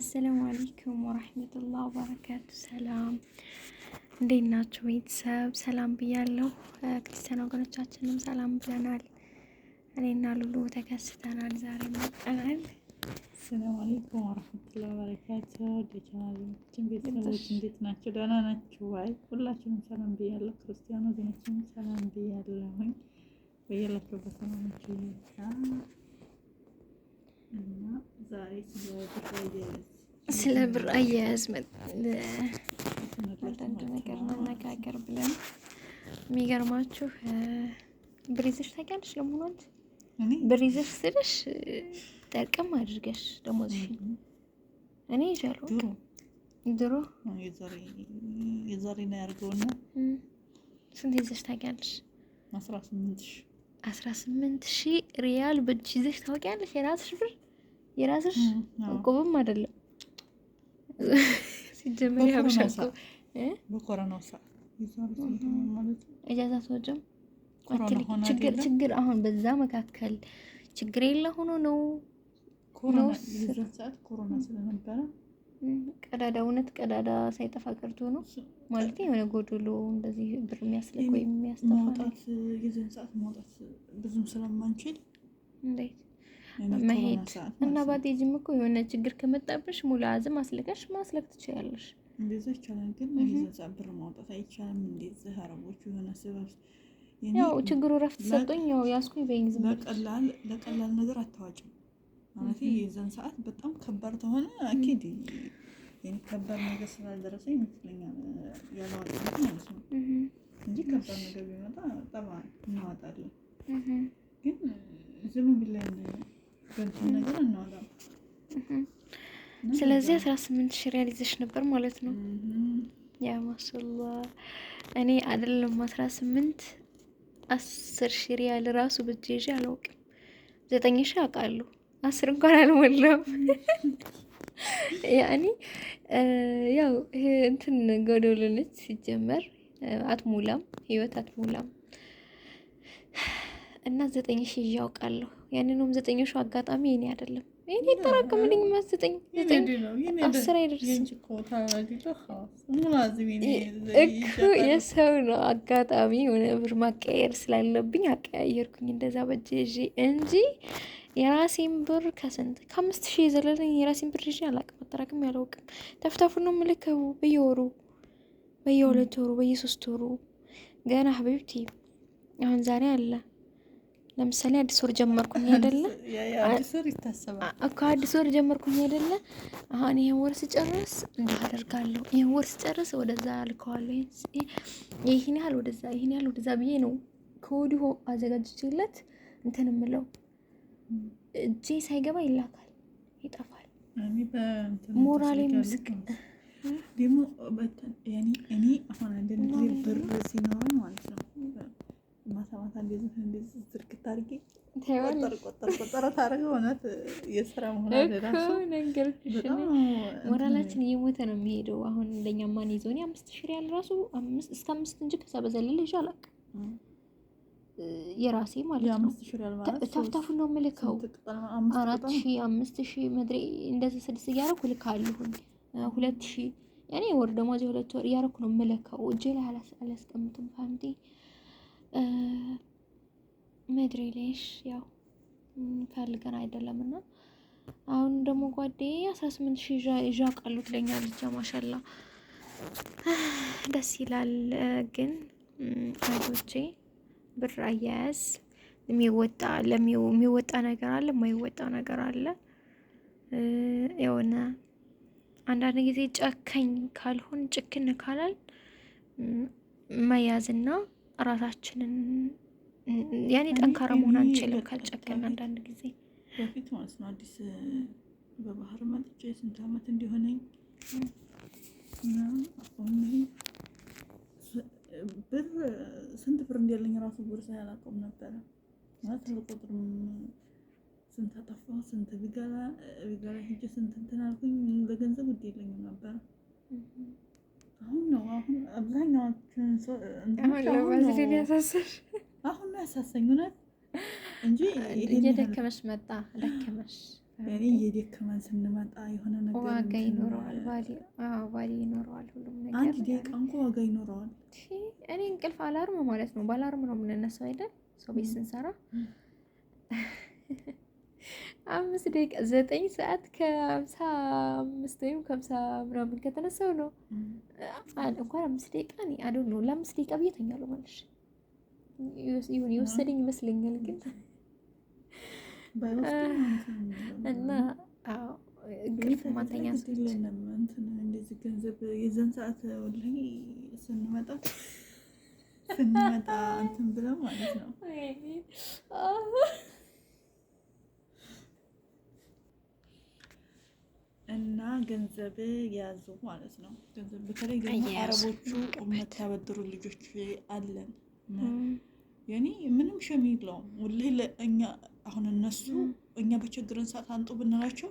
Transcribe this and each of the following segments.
አሰላሙ አለይኩም ወራህመቱላህ ወበረካቱ። ሰላም እንዴት ናችሁ ቤተሰብ? ሰላም ብያለሁ። ክርስቲያን ወገኖቻችንም ሰላም ብለናል። እኔና ሉሉ ተከስተናል። ዛሬ መጠናል። አሰላሙ አለይኩም ወራህመቱላህ ወበረካቱ። ደቻናችን ቤተሰቦች እንዴት ናቸው? ደህና ናችሁ ወይ? ሁላችንም ሰላም ብያለሁ። ክርስቲያን ወገኖችንም ሰላም ብያለሁኝ። በየላችሁበት ሰላማችሁ ይብዛ። ስለ ብር አያያዝ አንዳንድ ነገር እንነጋገር ብለን የሚገርማችሁ ብር ይዘሽ ታውቂያለሽ? ለመሆኑ አንቺ ብር ይዘሽ ስልሽ ጠርቅም አድርገሽ ደሞዝሽን እኔ ይዣለሁ። ድሮ የዛሬ ነው ያድርገውና ስንት ይዘሽ ታውቂያለሽ? አስራ ስምንት ሺህ ሪያል በእጅ ይዘሽ ታውቂያለሽ? የራስሽ ብር የራስሽ እቁብም አይደለም ሲጀመር የሀበሻ እቁብ እጃዛ ሰዎችም ችግር ችግር አሁን በዛ መካከል ችግር የለ ሆኖ ነው ቀዳዳ እውነት ቀዳዳ ሳይጠፋ ቀርቶ ነው ማለት የሆነ ጎዶሎ እንደዚህ ብር የሚያስለቅ ወይም የሚያስጠፋ ብዙም ስለማንችል እንዴት መሄድ እና ባቴጅም እኮ የሆነ ችግር ከመጣብሽ ሙላ ዝም አስለቀሽ ማስለቅ ትችላለሽ። እንደዛ ይቻላል፣ ግን መዛ ብር ማውጣት አይቻልም። እንደዚ አረቦቹ የሆነ ስበብ ያው ችግሩ ረፍት ሰጡኝ፣ ያው ያስኩኝ በይኝ። ዝም በቀላል ለቀላል ነገር አታዋጭም ማለት የዛን ሰዓት በጣም ከባድ ተሆነ አኪድ ከባድ ነገር ስላልደረሰ ይመስለኛል ያለዋጣት ማለት ነው እንጂ ከባድ ነገር ቢመጣ ጠባ እናዋጣለን ግን ዝም ብለን ስለዚህ አስራ ስምንት ሺህ ሪያል ይዘሽ ነበር ማለት ነው። ያ ማሻላ እኔ አይደለም አስራ ስምንት አስር ሺህ ሪያል ራሱ ብቻ ይዤ አላውቅም። ዘጠኝ ሺህ አውቃለሁ። አስር እንኳን አልሞላም። ያኒ ያው እንትን ጎዶሎ ነች ሲጀመር፣ አትሞላም። ህይወት አትሞላም። እና ዘጠኝ ሺ ይዤ አውቃለሁ። ያንንም ዘጠኝ ሺ አጋጣሚ የኔ አይደለም። ይሄን ይጠራቀምልኝ ማለት ዘጠኝ ዘጠኝ አስር አይደርስም እኮ የሰው ነው። አጋጣሚ ሆነ ብር ማቀያየር ስላለብኝ አቀያየርኩኝ እንደዛ በእጄ ይዤ እንጂ የራሴን ብር ከስንት ከአምስት ሺህ የዘለለኝ የራሴን ብር ይዤ አላውቅም። አጠራቅም ያላውቅም። ተፍታፉ ነው የምልከው በየወሩ በየሁለት ወሩ በየሶስት ወሩ ገና ሀቢብቲ አሁን ዛሬ አለ ለምሳሌ አዲስ ወር ጀመርኩኝ አይደለ አዲስ ወር ይታሰባል እኮ አዲስ ወር ጀመርኩኝ አይደለ? አሁን ይሄን ወር ስጨርስ እንዲህ አደርጋለሁ፣ ይሄን ወር ስጨርስ ወደዛ ልከዋለሁ፣ ይህን ያህል ወደዛ፣ ይህን ያህል ወደዛ ብዬ ነው ከወዲሁ አዘጋጅቼለት እንትን የምለው። እጄ ሳይገባ ይላካል፣ ይጠፋል። ሞራሌን ምስክ ደግሞ እኔ አሁን አንድ ብር ሲኖር እንደዚህ ዝርግት አድርጌ ቆጠር ሞራላችን እየሞተ ነው የሚሄደው። አሁን እንደኛ ማን ይዞ አምስት ሺህ ሪያል ራሱ እስከ አምስት እንጂ ከዛ በዘለለ ይዤ አላውቅም። የራሴ ማለት ነው። ታፍታፉ ነው የምልከው። አራት ሺህ አምስት ሺህ መድሬ እንደዚህ ስድስት እያደረኩ ልካለሁኝ። ሁለት ሺህ እኔ ወር ደሞዝ ሁለት ወር እያደረኩ ነው የምልከው። እጄ ላይ አላስቀምጥም ፋንቴ ምድሪ ሌሽ ያው ፈልገን አይደለም እና አሁን ደግሞ ጓዴ አስራ ስምንት ሺ ይዣ ቃሉት ለኛ ልጃ ማሻላ ደስ ይላል። ግን አይቶቼ ብር አያያዝ የሚወጣ የሚወጣ ነገር አለ፣ የማይወጣ ነገር አለ። የሆነ አንዳንድ ጊዜ ጨከኝ ካልሆን ጭክን ካላል መያዝና ራሳችንን ያኔ ጠንካራ መሆን አንችልም ካልጨከን አንዳንድ ጊዜ በፊት ማለት ነው አዲስ በባህር መጥቼ ስንት ዓመት እንዲሆነኝ ብር ስንት ብር እንዲያለኝ ራሱ ቦርሳ ያላቀም ነበረ ማለት አልቆጥርም። ስንት አጠፋ ስንት ቢጋላ ቢጋላ ሂጅ፣ ስንት እንትን አልኩኝ። በገንዘብ ውድ የለኝም ነበረ። አሁን ነው አሁን አብዛኛዎችን ሰው እንትን ያሳስር አሳሳኝ ሆናል እንጂ እየደከመሽ መጣ ደከመሽ እኔ እየደከመን ስንመጣ የሆነ ነገር ዋጋ ይኖረዋል። ባሌ ይኖረዋል። ሁሉም ነገር አንድ ደቂቃ እንኳ ዋጋ ይኖረዋል። እኔ እንቅልፍ አላርም ማለት ነው። ባላርም ነው የምንነሳው አይደል? ሰው ቤት ስንሰራ አምስት ደቂቃ ዘጠኝ ሰዓት ከሀምሳ አምስት ወይም ከሀምሳ ምናምን ከተነሳው ነው እንኳን አምስት ደቂቃ አዶ ነው ለአምስት ደቂቃ ብዬ ተኛለሁ ማለት የወሰደኝ ይመስለኛል ግን እና እንቅልፍ ማተኛ የለንም እንደዚህ ገንዘብ የዘን ሰዓት ወላሂ ስንመጣ ስንመጣ እንትን ብለው ማለት ነው። እና ገንዘብ ያዙ ማለት ነው። ገንዘብ በተለይ ደግሞ አረቦቹ የምታበድሩ ልጆች አለን የኔ ምንም ሸሚ የለውም። ወላሂ እኛ አሁን እነሱ እኛ በችግርን ሰዓት አንጡ ብንላቸው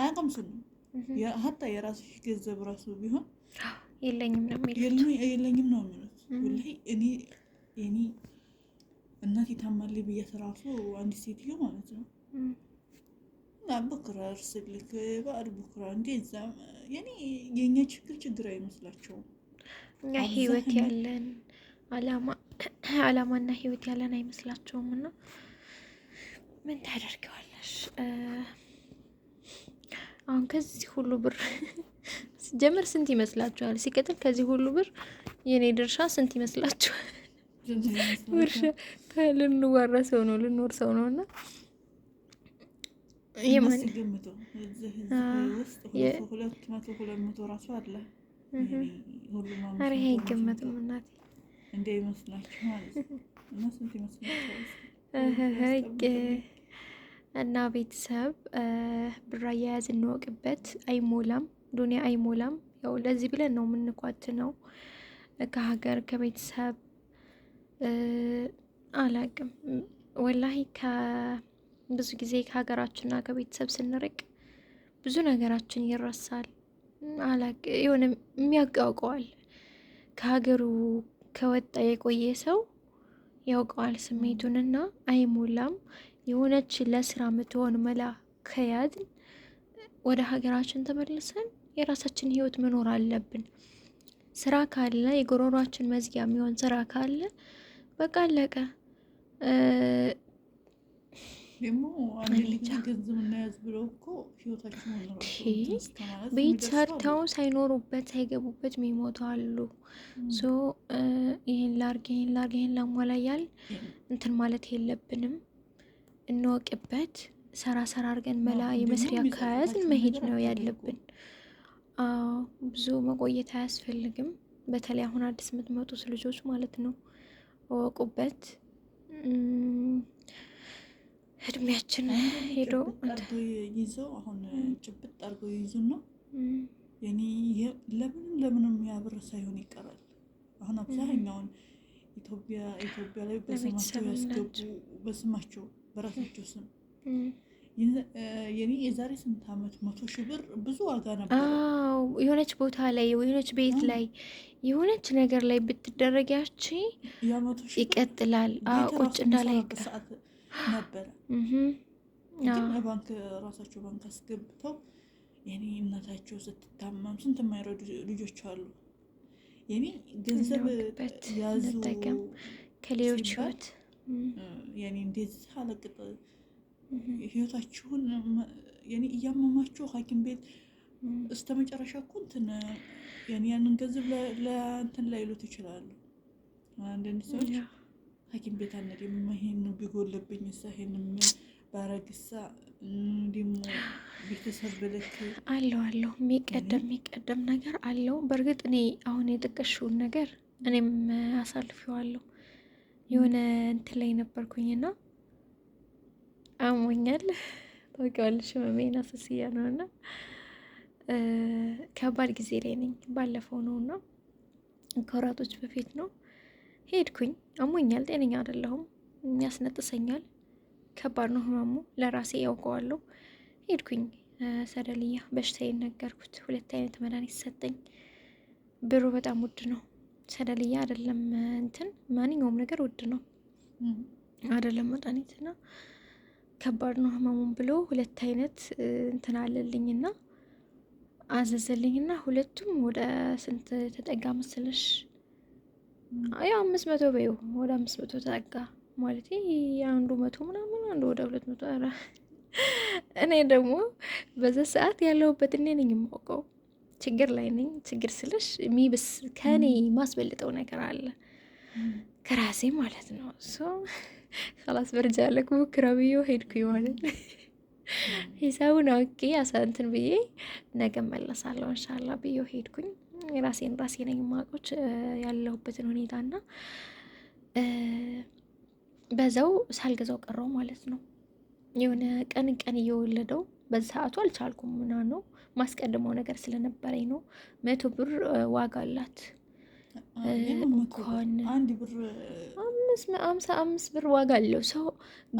አያቀምሱም። ሀታ የራስሽ ገንዘብ ራሱ ቢሆን የለኝም ነው የሚሉት። ወላሂ እኔ እኔ እናቴ ታማልኝ ብያት ራሱ አንዲት ሴትዮ ማለት ነው እና በኩራ እርስልክ በአድ በኩራ እንዴ ዛ የኔ የእኛ ችግር ችግር አይመስላቸውም። እኛ ህይወት ያለን አላማ አላማና ህይወት ያለን አይመስላቸውም እና ምን ታደርገዋለሽ? አሁን ከዚህ ሁሉ ብር ጀምር ስንት ይመስላችኋል? ሲቀጥል ከዚህ ሁሉ ብር የእኔ ድርሻ ስንት ይመስላችኋል? ድርሻ ልንዋራ ሰው ነው ልንወር ሰው ነው እና ይማንሁለቱ መቶ ሁለት መቶ ራሱ አለ። ኧረ አይገመትም እናቴ እንደ ይመስላችሁ ማለት ነው እና ስንት እና ቤተሰብ ብር አያያዝ እንወቅበት። አይሞላም፣ ዱኒያ አይሞላም። ያው ለዚህ ብለን ነው የምንኳት ነው ከሀገር ከቤተሰብ አላቅም ወላሂ ብዙ ጊዜ ከሀገራችንና ከቤተሰብ ስንርቅ ብዙ ነገራችን ይረሳል። አላቅ የሆነ የሚያቃውቀዋል ከሀገሩ ከወጣ የቆየ ሰው ያውቀዋል ስሜቱንና አይሞላም። የሆነች ለስራ ምትሆን መላ ከያዝን ወደ ሀገራችን ተመልሰን የራሳችን ህይወት መኖር አለብን። ስራ ካለ የጎሮሯችን መዝጊያ የሚሆን ስራ ካለ በቃ አለቀ። ደግሞ ቤት ሰርተው ሳይኖሩበት ሳይገቡበት የሚሞቱ አሉ። ይህን ላርግ ይህን ላርግ ይህን ላሟላያል እንትን ማለት የለብንም። እንወቅበት። ሰራ ሰራ አድርገን መላ የመስሪያ ከያዝን መሄድ ነው ያለብን። ብዙ መቆየት አያስፈልግም። በተለይ አሁን አዲስ የምትመጡት ልጆች ማለት ነው እወቁበት። እድሜያችን ሄዶ ይዞ አሁን ጭብጥ አድርጎ ይዙን ነው። እኔ ለምንም ለምንም ያብር ሳይሆን ይቀራል። አሁን አብዛኛውን ኢትዮጵያ ኢትዮጵያ ላይ በስማቸው ያስገቡ በስማቸው በራሳቸው ስም የኔ የዛሬ ስንት ዓመት መቶ ሺህ ብር ብዙ ዋጋ ነበር። የሆነች ቦታ ላይ የሆነች ቤት ላይ የሆነች ነገር ላይ ብትደረግ ይቀጥላል ቁጭ እንዳላይ ነበረ። ግን ለባንክ ራሳቸው ባንክ አስገብተው የኔ እናታቸው ስትታመም ስንት የማይረዱ ልጆች አሉ። የኔ ገንዘብ ያዙ ከሌሎች ህይወት የኔ እንደዚህ አለቅጥ ህይወታችሁን የኔ እያመማችሁ ሐኪም ቤት እስከ መጨረሻ እኮ እንትን ያንን ገንዘብ ለእንትን ላይሉት ይችላሉ አንዳንድ ሰዎች ሐኪም ቤት አንሄድም። ይሄን ቢጎልብኝ እሳ ይሄንም ባረግ እሳ ቤተሰብ ብልክ አለው አለው የሚቀደም የሚቀደም ነገር አለው። በእርግጥ እኔ አሁን የጠቀሽውን ነገር እኔም አሳልፌዋለሁ። የሆነ እንትን ላይ ነበርኩኝና አሞኛል። ታውቂዋለሽ መሜና ስስያ ነው እና ከባድ ጊዜ ላይ ነኝ። ባለፈው ነው እና ከወራቶች በፊት ነው ሄድኩኝ። አሞኛል፣ ጤነኛ አይደለሁም፣ ያስነጥሰኛል፣ ከባድ ነው ህመሙ፣ ለራሴ ያውቀዋለሁ። ሄድኩኝ ሰደልያ በሽታዬን ነገርኩት። ሁለት አይነት መድኃኒት ሰጠኝ። ብሩ በጣም ውድ ነው። ሰደልያ አይደለም እንትን ማንኛውም ነገር ውድ ነው አይደለም መድኃኒት እና ከባድ ነው ህመሙን ብሎ ሁለት አይነት እንትን አለልኝና አዘዘልኝና ሁለቱም ወደ ስንት ተጠጋ መሰለሽ ያው አምስት መቶ በይው ወደ አምስት መቶ ተጠጋ ማለት የአንዱ መቶ ምናምን አንዱ ወደ ሁለት መቶ ኧረ እኔ ደግሞ በዛ ሰዓት ያለሁበት እኔ ነኝ የማውቀው ችግር ላይ ነኝ። ችግር ስለሽ ሚብስ ከኔ ማስበልጠው ነገር አለ ከራሴ ማለት ነው። ሶ ከላስ በርጃ ያለ ያለኩ ብዬ ሄድኩ ይሆናል ሂሳቡን አውቄ አሳንትን ብዬ ነገ መለሳለሁ እንሻላ ብዬ ሄድኩኝ። ራሴን ራሴ ነኝ ማቆች ያለሁበትን ሁኔታ ሁኔታና በዛው ሳልገዛው ቀረው ማለት ነው። የሆነ ቀን ቀን እየወለደው በዚህ በሰዓቱ አልቻልኩም ምና ነው ማስቀድመው ነገር ስለነበረኝ ነው። መቶ ብር ዋጋ አላት እንኳን አምሳ አምስት ብር ዋጋ አለው ሰው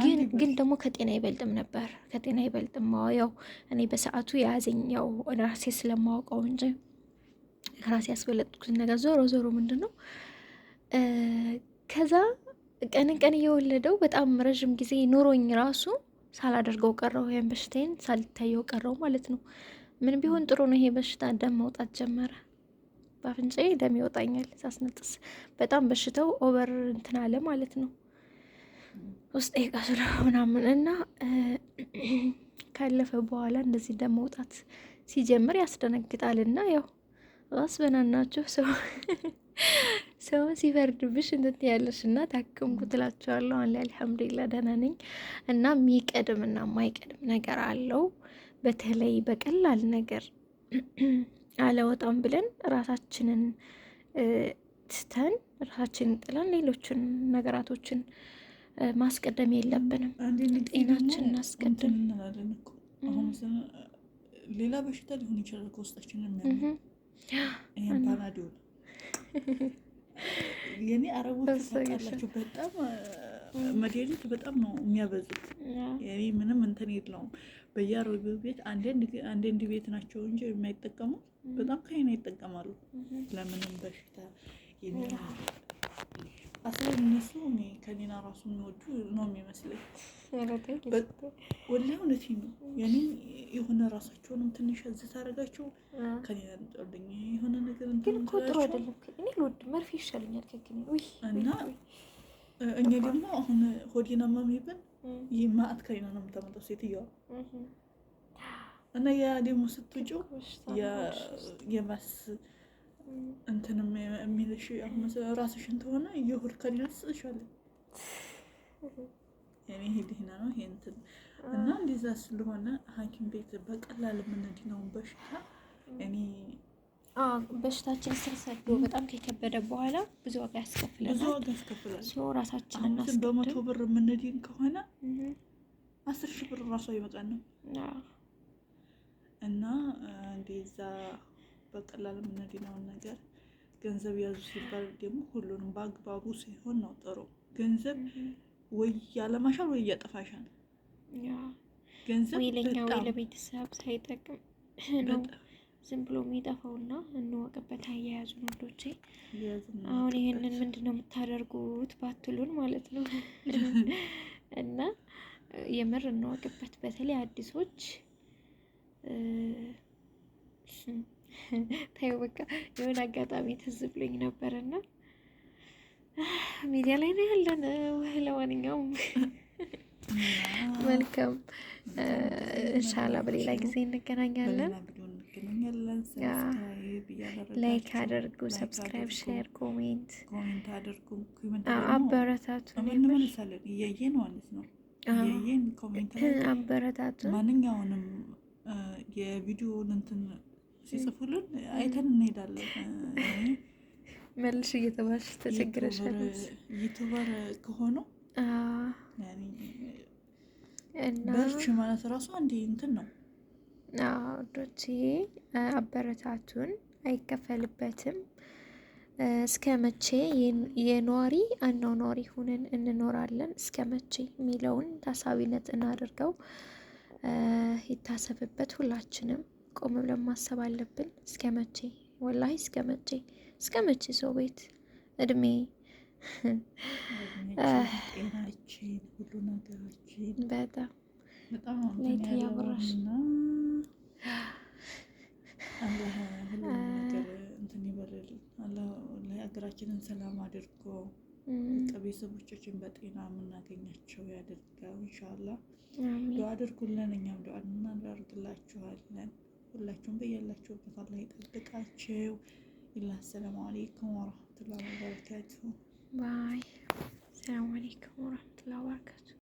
ግን ግን ደግሞ ከጤና ይበልጥም ነበር ከጤና ይበልጥም ያው እኔ በሰዓቱ የያዘኝ ያው ራሴ ስለማውቀው እንጂ ራሴ ያስበለጥኩትን ነገር ዞሮ ዞሮ ምንድን ነው ከዛ ቀንን ቀን እየወለደው በጣም ረዥም ጊዜ ኑሮኝ ራሱ ሳላደርገው ቀረው። ወይም በሽታዬን ሳልታየው ቀረው ማለት ነው። ምን ቢሆን ጥሩ ነው? ይሄ በሽታ ደም መውጣት ጀመረ። በአፍንጫዬ ደም ይወጣኛል ሳስነጥስ። በጣም በሽታው ኦቨር እንትን አለ ማለት ነው። ውስጥ የቃሱላ ምናምን እና ካለፈ በኋላ እንደዚህ ደም መውጣት ሲጀምር ያስደነግጣል እና ያው አስበናናችሁ ሰው ሰውን ሲፈርድብሽ እንትን ያለሽ እና ታክምኩ ትላቸዋለሁ። አሁን አልሐምዱሊላ ደህና ነኝ እና የሚቀድም እና የማይቀድም ነገር አለው። በተለይ በቀላል ነገር አለወጣም ብለን ራሳችንን ትተን ራሳችንን ጥለን ሌሎችን ነገራቶችን ማስቀደም የለብንም። ጤናችን እናስቀድም። ሌላ በሽታ ሊሆን ይችላል ከውስጣችን አረቦቹ ታውቃላችሁ፣ በጣም መድኃኒት በጣም ነው የሚያበዙት። እኔ ምንም እንትን የለውም። በየአረቢው ቤት አንዳንድ ቤት ናቸው እንጂ የማይጠቀሙት በጣም ከይና ይጠቀማሉ። ለምንም በሽታ አስለ እነሱ ከኔና ራሱ የሚወዱ ነው የሚመስለኝ። ወላ እውነት ነው ያኔ የሆነ ራሳቸውንም ትንሽ ያዝ ታደርጋቸው ከኔና ልጠልኝ የሆነ ነገር ግን እኮ ጥሩ አይደለም። እኔ ልወድ መርፌ ይሻለኛል እና እኛ ደግሞ አሁን ሆዴና ማሚብን ይህ ማአት ከኔና ነው የምታመጣው ሴትዮዋ እና ያ ደግሞ ስትውጪው የመስ እንትን የሚልሽ ራስሽን ተሆነ የሁድ ከሌሎች ስጥሻለን እኔ ሄድህና ነው ይሄ እንትን እና እንደዛ ስለሆነ ሐኪም ቤት በቀላል ነው በሽታ እኔ በሽታችን ስር ሰዶ በጣም ከከበደ በኋላ ብዙ ዋጋ ያስከፍላል። ብዙ ዋጋ ያስከፍላል። ራሳችን በመቶ ብር የምንድን ከሆነ አስር ሺህ ብር ራሱ አይመጣንም እና እንደዛ በቀላል የምናገኘውን ነገር ገንዘብ ያዙ ሲባል ደግሞ ሁሉንም በአግባቡ ሲሆን ነው ጥሩ። ገንዘብ ወይ ያለማሻል ወይ እያጠፋሻል። ገንዘብ ወይ ለኛ ወይ ለቤተሰብ ሳይጠቅም ነው ዝም ብሎ የሚጠፋው የሚጠፋውና እንወቅበት። አያያዙ ወንዶቼ አሁን ይህንን ምንድን ነው የምታደርጉት ባትሉን ማለት ነው እና የምር እንወቅበት። በተለይ አዲሶች ታየው በቃ የሆነ አጋጣሚ ትዝ ብሎኝ እና ሚዲያ ላይ ነው ያለን። ለማንኛውም መልካም እንሻላ በሌላ ጊዜ እንገናኛለን። ላይክ አድርጉ፣ ሰብስክራይብ፣ ሼር፣ ኮሜንት አበረታቱ። እያየን ማለት ነው እያየን ኮሜንት አበረታቱ። ማንኛውንም የቪዲዮን እንትን ሲጽፉልን አይተን እንሄዳለን። መልሽ እየተባልሽ ተቸግረሻለች። ዩቱበር ከሆኑ በርች ማለት ራሱ አንድ እንትን ነው። ዶቼ አበረታቱን፣ አይከፈልበትም። እስከ መቼ የኗሪ አኗኗሪ ሁንን እንኖራለን? እስከ መቼ የሚለውን ታሳቢነት እናድርገው። ይታሰብበት ሁላችንም ቆም ብለን ማሰብ አለብን። እስከ መቼ ወላሂ፣ እስከ መቼ እስከ መቼ ሰው ቤት እድሜ ሀገራችንን ሰላም አድርጎ ቤተሰቦቻችን በጤና የምናገኛቸው ያደርጋል። እንሻላ ዱዓ አድርጉልን፣ እኛም ዱዓ እናደርግላችኋለን። ሁላችሁም በያላችሁበት አላህ ይጠብቃችሁ። ይላ አሰላሙ አሌይኩም ወረህመቱላሂ ወበረካቱ። ባይ። አሰላሙ አሌይኩም ወረህመቱላሂ ወበረካቱ።